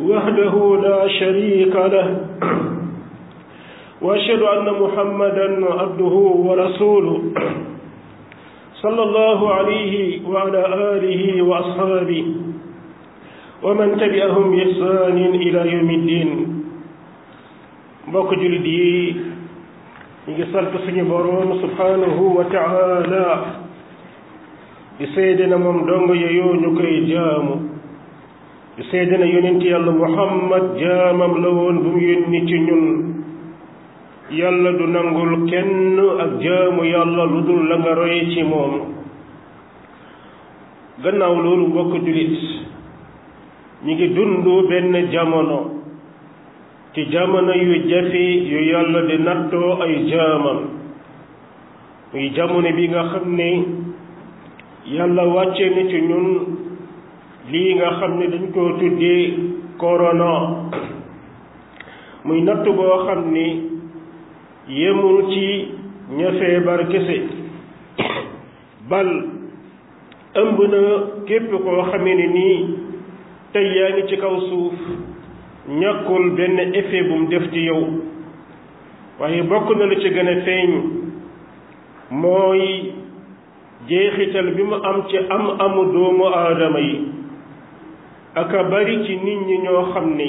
وحده لا شريك له وأشهد أن محمدا عبده ورسوله صلى الله عليه وعلى آله وأصحابه ومن تبعهم بإحسان إلى يوم الدين mbokk جلدي yi ñu بارون سبحانه وتعالى boroom subhanahu wa taala seede na yonent yàlla muhammad jaamam la woon bu mu yónni ci ñun yàlla du nangul kenn ak jaamu yàlla lu dul la nga roye ci moom gannaaw loolu mbokk jullit ñu ngi dund benn jamono ci jamono yu jafe yu yàlla di nattoo ay jaamam muy jamono bi nga xam ne yàlla wàcce na ci ñun lii nga xam ne dañ ko tuddee corona muy natt boo xam ni yemul ci ña feebar kese bal ëmb na képp koo xamee ne nii tey yaa ngi ci kaw suuf ñàkkul benn effet bu mu def ci yow waaye bokk na lu ci gën a feeñ mooy jeexital bi mu am ci am amu doomu aadama yi aka bari ci nit ñi ñoo xam ne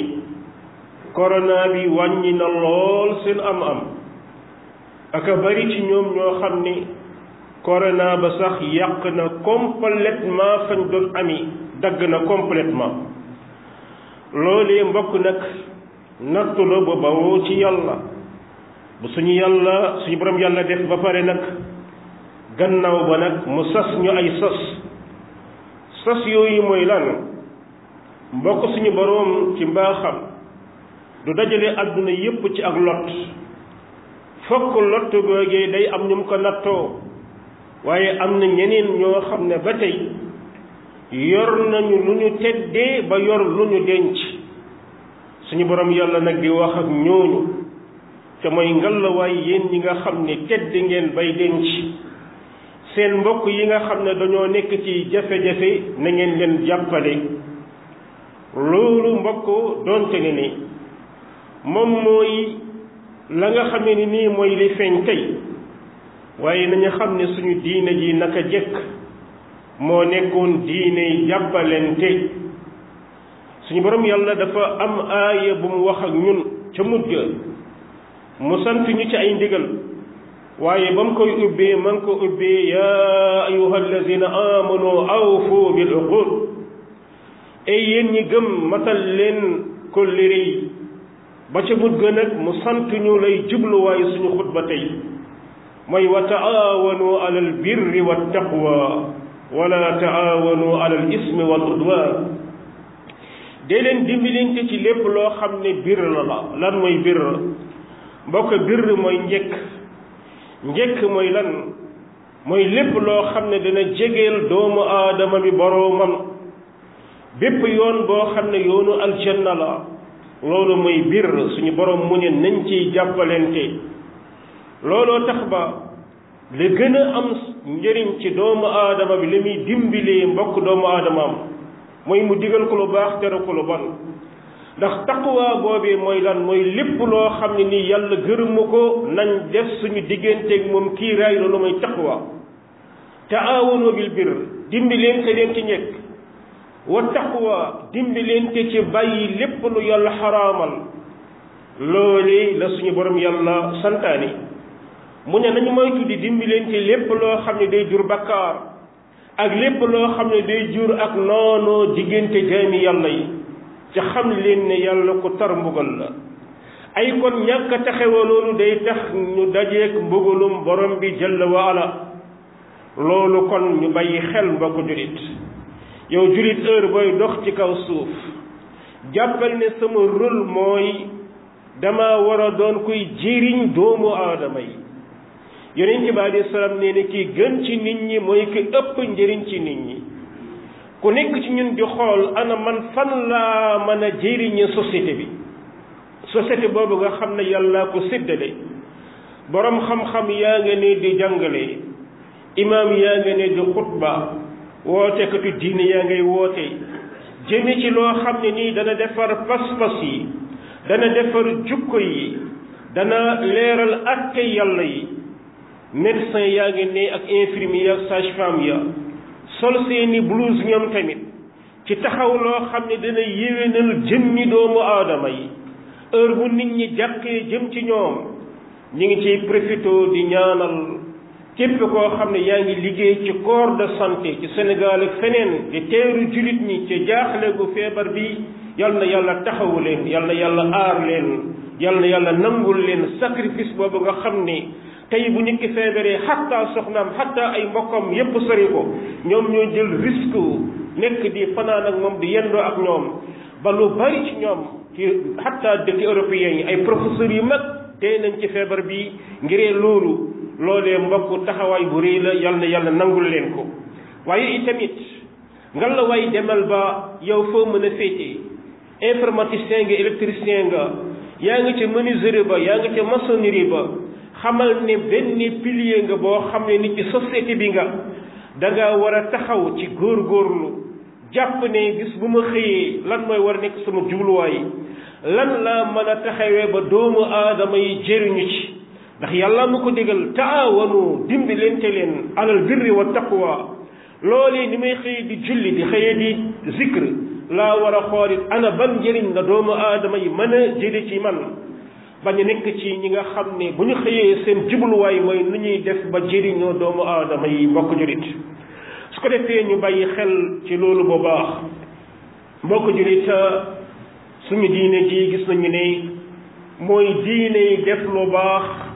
corona bi wàññi na lool seen am-am aka bari ci ñoom ñoo xam ni corona ba sax yàq na complètement fañ doon ami dagg na complètement loolee mbokk nag nattu la ba bawoo ci yàlla bu suñu yàlla suñu borom yàlla def ba pare nag gannaaw ba nag mu sas ñu ay sas sas yooyu mooy lan mbokk suñu boroom ci mbaaxam du dajale àdduna yépp ci ak lot fokk lot googee day am ñu mu ko nattoo waaye am na ñeneen ñoo xam ne ba tey yor nañu lu ñu teddee ba yor lu ñu denc suñu boroom yàlla nag di wax ak ñooñu te mooy ngalawaay yéen ñi nga xam ne tedd ngeen bay denc seen mbokk yi nga xam ne dañoo nekk ci jafe-jafe na ngeen leen jàppale loolu mbokk doonte ne ni moom mooy la nga xamee ni nii mooy li feeñ tey waaye nañu xam ne suñu diine ji naka jëkk moo nekkoon diine jàppalente suñu borom yàlla dafa am aaya bu mu wax ak ñun ca mujj mu sant ñu ci ay ndigal waaye ba mu koy ubbee ma ngi ko ubbee yaa ayuha allazina amanu awfu bil uqud ey yéen ñi gëm matal leen kóllëre yi ba ca but gën nag mu sant ñu lay jubluwaayu suñu xutba tey mooy wa taawanu alal birri wa taqwa wala taawanu alal ismi wal udwan dee leen dimbilinte ci lépp loo xam ne bir la la lan mooy bir mbokk bir mooy njëkk njëkk mooy lan mooy lépp loo xam ne dina jegeel doomu aadama bi boroomam bépp yoon boo xam ne yoonu aljanna la loolu mooy biir suñu borom mu ne nañ ciy jàppalente looloo tax ba li gën a am njëriñ ci doomu aadama bi li muy dimbilee mbokk doomu aadamaam mooy mu digal ko lu baax tere ko lu bon ndax taqwa boobee mooy lan mooy lépp loo xam ne nii yàlla gërëmu ko nañ def suñu digganteeg moom kii raay loolu mooy taqwa taawunu bil bir dimbi leen te leen ci ñekk wa taqwa dimbalante ci bàyyi lépp lu yàlla xaraamal loole la suñu borom yàlla santaani mu ne nañu moytu di dimbalante lépp loo xam ne day jur bakkaar ak lépp loo xam ne day jur ak noonoo diggante jaami yàlla yi ci xam leen ne yàlla ku tar mbugal la ay kon ñàkk a taxewa loolu day tax ñu dajeek mbugalum borom bi jalla wa loolu kon ñu bàyyi xel mbokku julit yow jullit heure booy dox ci kaw suuf jàppal ne sama rôle mooy dama war a doon kuy jiriñ doomu aadama yi yonent bi alayhi salaam nee na kii gën ci nit ñi mooy ki ëpp njëriñ ci nit ñi ku nekk ci ñun di xool ana man fan laa mën a jëriñe société bi société boobu nga xam ne yàlla ko séddale boroom xam-xam yaa ngi ne di jàngale imaam yaa nga ne di xutba wootekatu diine yaa ngiy woote jëme ci loo xam ne nii dana defar pas-pas yi dana defar jukko yi dana leeral atte yàlla yi médecin yaa ngi ne ak infirmier ak sage-femme ya sol seeni blouse ñoom tamit ci taxaw loo xam ne dana yéwénal ñi doomu aadama yi heure bu nit ñi jàqee jëm ci ñoom ñu ngi ci profité di ñaanal képp koo xam ne yaa ngi liggéey ci corps de santé ci Sénégal ak feneen di teeru jullit ñi ci jaaxle gu feebar bi yal na yàlla taxawu leen yal yàlla aar leen yal na yàlla nangul leen sacrifice boobu nga xam ne tey bu nit ki feebaree xattaa soxnaam xattaa ay mbokkam yépp sori ko ñoom ñoo jël risque nekk di fanaan ak moom di yendoo ak ñoom ba lu bari ci ñoom ci xattaa dëkki yi ay professeurs yu mag tey nañ ci feebar bi ngiree loolu loolee mbokk taxawaay bu rëy la yal yàlla nangul leen ko waaye itamit ngal la demal ba yow foo mën a féete informaticien nga électricien nga yaa ngi ca menuiserie ba yaa ngi ca maçonnerie ba xamal ne benn pilier nga boo xam ne nit ci société bi nga da war a taxaw ci góorgóorlu jàpp ne gis bu ma xëyee lan mooy war a nekk sama jubluwaay lan laa mën a taxawee ba doomu aadama yi jëriñu ci ndax yàlla nu ko digal taawanu dimbi leente leen alal birri wa taqwa loolee li may xëyee di julli di xëye di zikr laa war a xoolit ana ban njëriñ la doomu aadama yi mën a jële ci man bañ a nekk ci ñi nga xam ne bu ñu xëyee seen jubluwaay mooy nu ñuy def ba jëriñoo doomu aadama yi mbokk julit su ko defee ñu bàyyi xel ci loolu bu baax mbokk julit suñu diine ji gis nañu ne mooy diine def lu baax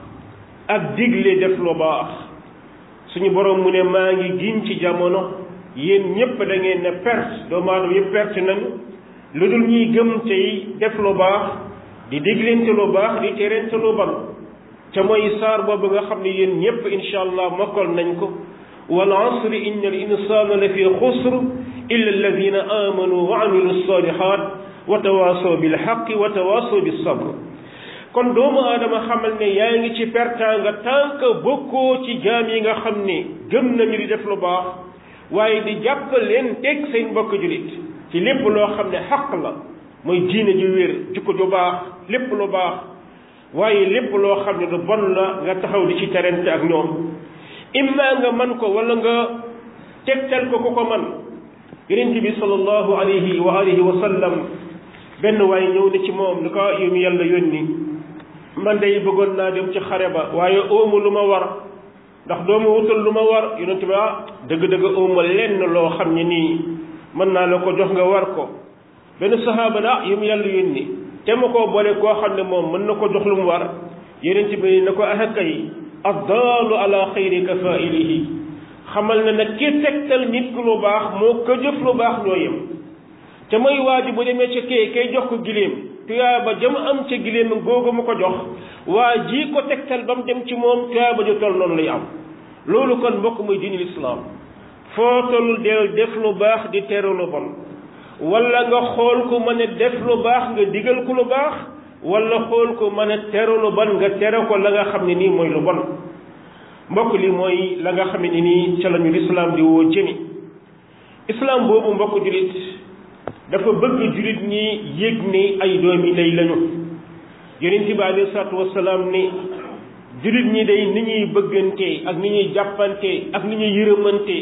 ak digle def lu baax suñu borom mu ne maa ngi giñ ci jamono yéen ñëpp da ngeen ne perte doomu aadama yëpp perte nañu lu dul ñuy gëm tey def lu baax di diglente lu baax di terente lu ban te mooy saar boobu nga xam ne yéen ñëpp incha allah mokkal nañ ko wal asri inna al insana la fi xusr illa alladhina amanu wa amilu salihat wa tawasaw bil haqqi wa tawasaw bis sabr kon doomu aadama xamal ne yaa ngi ci perta nga tant que bokkoo ci jaam yi nga xam ne gëm nañu di def lu baax waaye di jàpp leen teg seen mbokk julit ci lépp loo xam ne xaq la mooy diine ju wér ko ju baax lépp lu baax waaye lépp loo xam ne lu bon la nga taxaw di ci terente ak ñoom imma nga man ko wala nga tegtal ko ku ko man yonent bi sallallahu alayhi wa alihi wa sallam benn waaye ñëw na ci moom ni ko yum yàlla nii man de bëggoon naa dem ci xare ba waaye oomu lu ma war ndax doomu wutal lu ma war yonent bi ah dëgg-dëgg oomu lenn loo xam ne nii mën naa la ko jox nga war ko benn saxaaba na ah yi mu yàlla yónni te ma ko boole koo xam ne moom mën na ko jox lu mu war ci bi na ko ahaka yi addaalu ala xayri kafailihi xamal na nag ki tegtal nit ku lu baax moo ko jëf lu baax ñoo yem te mooy waa ji bu demee ca kee kay jox ko gileem tuyaaba jëm am ca gileem googu mu ko jox waa ji ko tegtal ba mu dem ci moom tuyaaba ju toll noonu lay am loolu kon mbokk muy diini lislaam foo toll del def lu baax di teru lu bon wala nga xool ku mën a def lu baax nga digal ku lu baax wala xool ku mën a teru lu bon nga tere ko la nga xam ne nii mooy lu bon mbokk li mooy la nga xam ne nii ca lañu lislaam di woo jëmi islaam boobu mbokk julit dafa bëgg jullit ñi yëg ne ay doomi lay lañu yonent bi alayhi salaatu wasalaam ne jullit ñi day ni ñuy bëggante ak ni ñuy jàppante ak ni ñuy yërëmante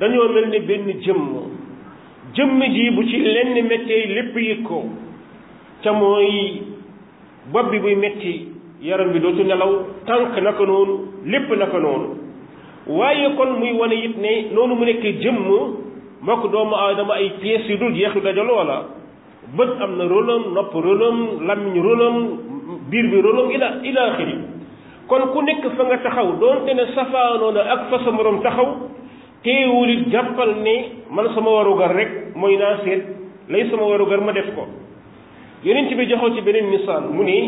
dañoo mel ne benn jëmm jëmm ji bu ci lenn méttee lépp yëg ko ca mooy bopp bi buy metti yaram bi dootu nelaw tànk naka noonu lépp naka noonu waaye kon muy wane yit ne noonu mu nekk jëmm mbokk doomu aadama ay pièces yu dul jeex yu dajaloo la bët am na rôlam nopp rôlam làmmiñ rôlam biir bi rôlam ila ila axiri kon ku nekk fa nga taxaw doonte ne safaanoo na ak fa sa morom taxaw teewul it jàppal ne man sama warugar rek mooy naa seet lay sama warugar ma def ko yeneen yonent bi joxoo ci beneen misaal mu ne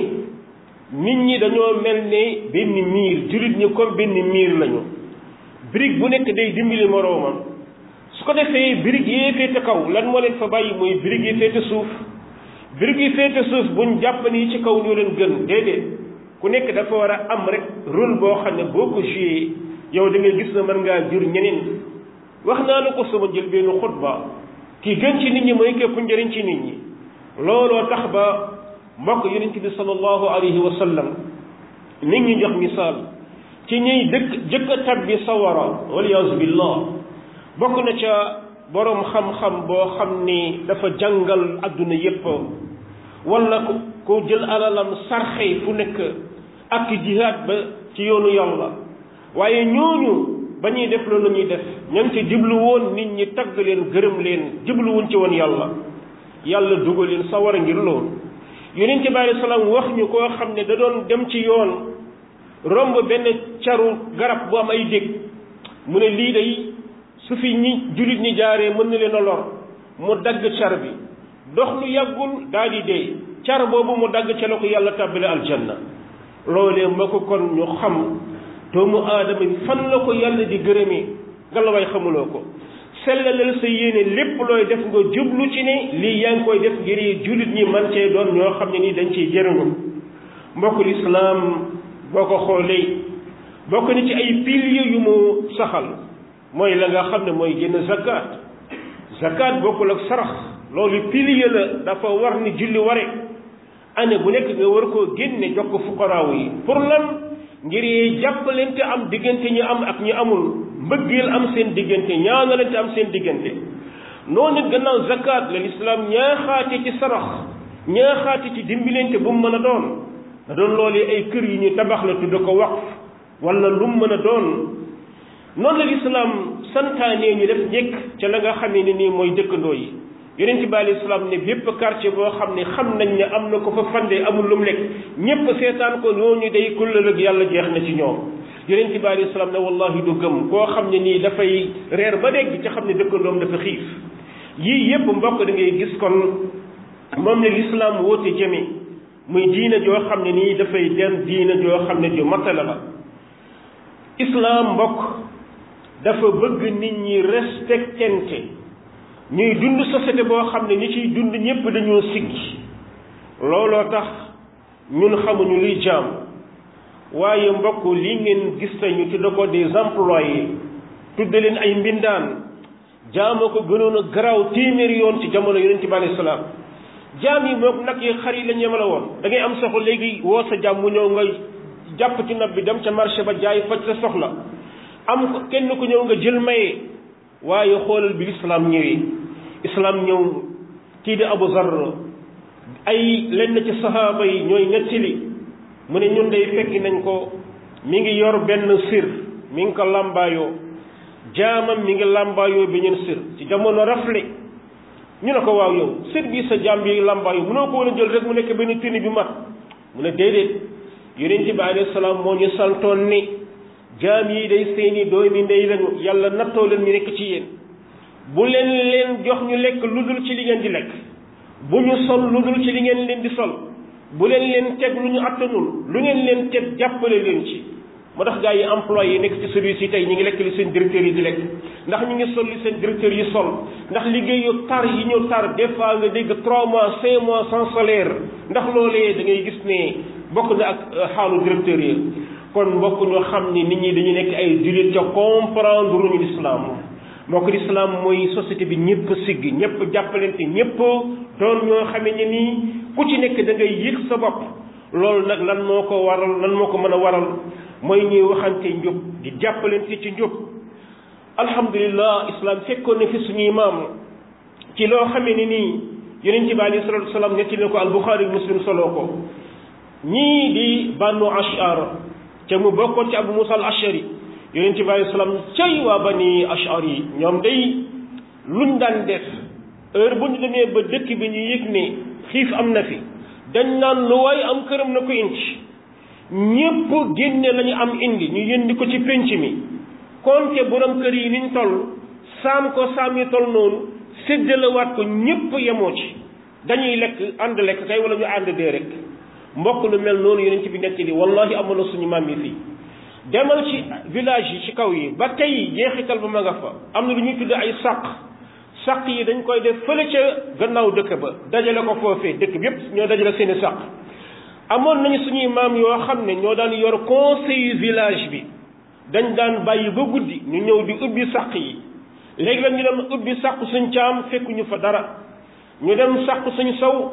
nit ñi dañoo mel ne benn miir jullit ñi comme benn miir lañu brique bu nekk day dimbali moroomam su ko defee birig yee féete kaw lan moo leen fa bàyyi mooy birig yi féete suuf birig yi féete suuf buñ jàpp ci kaw ñoo leen gën déedéet ku nekk dafa war a am rek rôle boo xam ne boo ko joué yow da ngay gis na mën ngaa jur ñeneen wax naa la ko sama jël benn xutba ki gën ci nit ñi mooy képp njëriñ ci ni ñi looloo tax ba mbokk yonent bi sallallahu alayhi wa sallam nit ñi jox misaal ci ñuy dëkk jëkk a tabbi sawara waliyasu billah bokk na ca boroom xam-xam boo xam ni dafa jàngal àdduna yépp wala ko ku jël alalam sarxe fu nekk ak jihaad ba ci yoonu yàlla waaye ñooñu ba ñuy def loolu ñuy def ñan ci jiblu woon nit ñi tagg leen gërëm leen jiblu wuñ ci woon yàlla yàlla dugal leen sawar ngir loolu yonent bi alei salaam wax ñu koo xam ne da doon dem ci yoon romb benn caru garab bu am ay dég mu ne lii day su fi ñi jullit ñi jaaree mën na leen a lor mu dagg car bi dox lu yàggul daal di dee car boobu mu dagg ca la ko yàlla tàbbale aljanna loolee ma ko kon ñu xam doomu aadama bi fan la ko yàlla di gërëmee nga la way xamuloo ko sellalal sa yéene lépp looy def nga jublu ci ne lii yaa ngi koy def ngir jullit ñi man cee doon ñoo xam ne nii dañ ciy jëriñu mbokkul islaam boo ko xoolee bokk ni ci ay piliers yu mu saxal mooy la nga xam ne mooy génn zakat zakat bokkul ak sarax loolu pilier la dafa war ni julli ware année bu nekk nga war koo génne jox ko fuqaraaw yi pour lan ngir yee jàppalante am diggante ñi am ak ñu amul mbëggeel am seen diggante ñaanalante am seen diggante noonu nit gannaaw zakat la lislaam ñaaxaate ci sarax ñaaxaate ci dimbilante bu mu mën a doon da doon loolu ay kër yu ñu tabax la tudd ko waqf wala lu mu mën a doon noonu la lislaam santaanee ñu def njëkk ca la nga xam ne nii mooy dëkkandoo yi yonent bi aleyhi salaam ne bépp quartier boo xam ne xam nañ ne am na ko fa fande amul lu mu lekk ñépp seetaan ko ñooñu day kullal ak yàlla jeex na ci ñoom yonent bi aleyhi salaam ne wallahi du gëm koo xam ne nii dafay reer ba dégg ca xam ne dëkkandoom dafa xiif yii yépp mbokk da ngay gis kon moom ne lislaam woote jëme muy diina joo xam ne nii dafay den diina joo xam ne ju matala la islaam mbokk dafa bëgg nit ñi respectante ñuy dund société boo xam ne ñi ciy dund ñépp dañoo siggi looloo tax ñun xamuñu luy jaam waaye mbokk li ngeen gis ci tudde ko des yi tudde leen ay mbindaan jaamoo ko gënoon a garaaw yoon ci jamono yonent bi alayhi salaam jaam yi moom nag yi xar yi la ñemale woon dangay am soxla léegi woo sa jaam mu ñëw nga jàpp ci nopp bi dem ca marché ba jaay faj sa soxla am ko kenn ku ñëw nga jël maye waaye xoolal bi lislaam ñëwee islaam ñëw kii di Abu Zarr ay lenn ci saxaaba yi ñooy nettali mu ne ñun day fekki nañ ko mi ngi yor benn sir mi ngi ko làmbaayoo jaamam mi ngi làmbaayoo beneen sir ci jamono rafle ñu ne ko waaw yow sir bi sa jaam bi làmbaayoo mënoo ko woon a jël rek mu nekk benn tini bi mat mu ne déedéet yonent bi alayhi salaam moo ñu santoon ni jaam yi day seeni doomi ndey lañu yàlla nattoo leen ñu nekk ci yéen bu leen leen jox ñu lekk lu dul ci li ngeen di lekk bu ñu sol lu dul ci li ngeen leen di sol bu leen leen teg lu ñu attanul lu ngeen leen teg jàppale leen ci moo tax gars yi employé yi nekk ci service yi tey ñu ngi lekk li seen directeurs yi di lekk ndax ñu ngi sol li seen directeurs yi sol ndax liggéey yu tar yi ñu tar des fois nga dégg trois mois cinq mois sans salaire ndax loolee da ngay gis ne bokk na ak xaalu directeurs yi kon mbokk ñu xam ni nit ñi dañu nekk ay jullit ca comprendre ruñu lislaam mbokk lislaam mooy société bi ñëpp sigg ñëpp jàppalante ñëpp doon ñoo xamee ne nii ku ci nekk da ngay yëg sa bopp loolu nag lan moo ko waral lan moo ko mën a waral mooy ñuy waxante njub di jàppalante ci njub alhamdulillah islam fekkoon na fi suñuy maam ci loo xamee ni nii yonent bi alayhi salatu wasalaam netti na ko al buxaari muslim solo ko ñii di bànnu ashar te mu bokkoon ci abu musa al ashari yonent bi alayhi salaam cay waa bani ashar yi ñoom day luñ daan def heure bu ñu demee ba dëkk bi ñu yëg ne xiif am na fi dañ naan lu waay am këram na ko indi ñépp génne lañu am indi ñu yëndi ko ci pénc mi konte borom kër yi niñ toll saam ko saam yi toll noonu séddalewaat ko ñépp yemoo ci dañuy lekk ànd lekk kay wala ñu ànd dee rek mbokk lu mel noonu yonent bi nekk li wallahi amoon na suñu maam yi fii demal ci village yi ci kaw yi ba tey jeexital ba ma nga fa am na lu ñuy tudd ay sàq sàq yi dañ koy def fële ca gannaaw dëkk ba dajale ko foofee dëkk bi yépp ñoo dajale seen i sàq amoon nañu suñuy maam yoo xam ne ñoo daan yor conseil village bi dañ daan bàyyi ba guddi ñu ñëw di ubbi sàq yi léegi la ñu dem ubbi sàq suñ caam fekkuñu fa dara ñu dem sàq suñ saw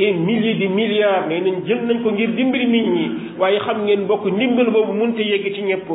des milliers de milliards nee nañ jël nañ ko ngir dimbali nit ñi waaye xam ngeen bokk ndimbal boobu mënut a yegg ci ñëpp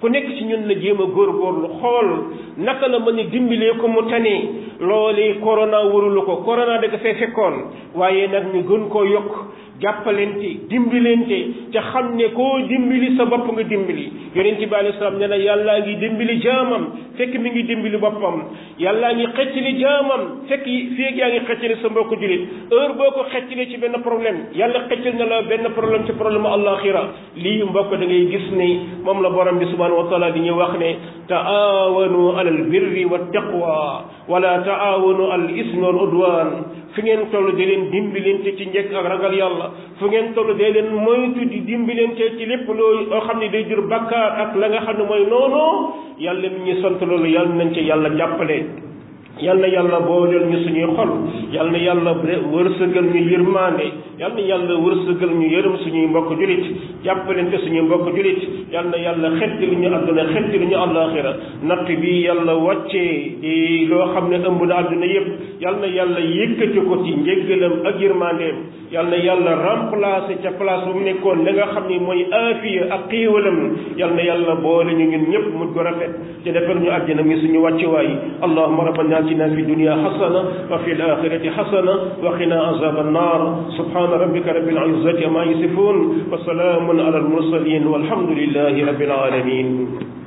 ku nekk ci ñun la jéem a góorgóorlu xool naka la mën a dimbalee ko mu tane loolee corona warulu ko corona da ko fee fekkoon waaye nag ñu gën koo yokk jàppalente dimbalente te xam ne koo dimbali sa bopp nga dimbali yonent bi alayhi salaam nee na yàllaa ngi dimbali jaamam fekk mi ngi dimbali boppam yàllaa ngi xeccali jaamam fekk fii yaa ngi xeccali sa mbokku julit heure boo ko xeccali ci benn problème yàlla xeccal na la benn problème ci problème mu àllaaxira lii mbokk dangay gis ni moom la borom bi subhanahu di ñuy wax ne taawanu alal birri wa taqwa wala taawanu al ismi wal udwan fu ngeen toll dee leen dimbilente ci njëkk ragal yàlla fu ngeen toll dee leen moytu di dimbilente ci lépp loo xam ne day jur bakkaar ak la nga xam ne mooy noonu yàlla mi ñu sant loolu yàlla nañ yàlla jàppale yal na yàlla booleel ñu suñuy xol yal na yàlla wërsëgal ñu yërmaande yal na yàlla wërsëgal ñu yërëm suñuy mbokk julit jàppalante suñu mbokk julit yàlla yàlla xetti lu ñu àdduna xetti lu ñu àllaaxira natt bi yàlla wàccee di loo xam ne ëmb na àdduna yépp yàlla yàlla yëkkati ko ci njéggalam ak yërmandeem yàlla yàlla remplacé ca place bu mu nekkoon li nga xam ne mooy aafiya ak xiiwalam yàlla yàlla boole ñu ñun ñëpp mu ko rafet te defal ñu àjjana mi suñu wàccuwaay allahuma rabbana atina fi dunia xasana wa fi alaxirati xasana wa qina azab annar subhana rabbika rabbil izzati ma yasifun wa salaamu على المرسلين والحمد لله رب العالمين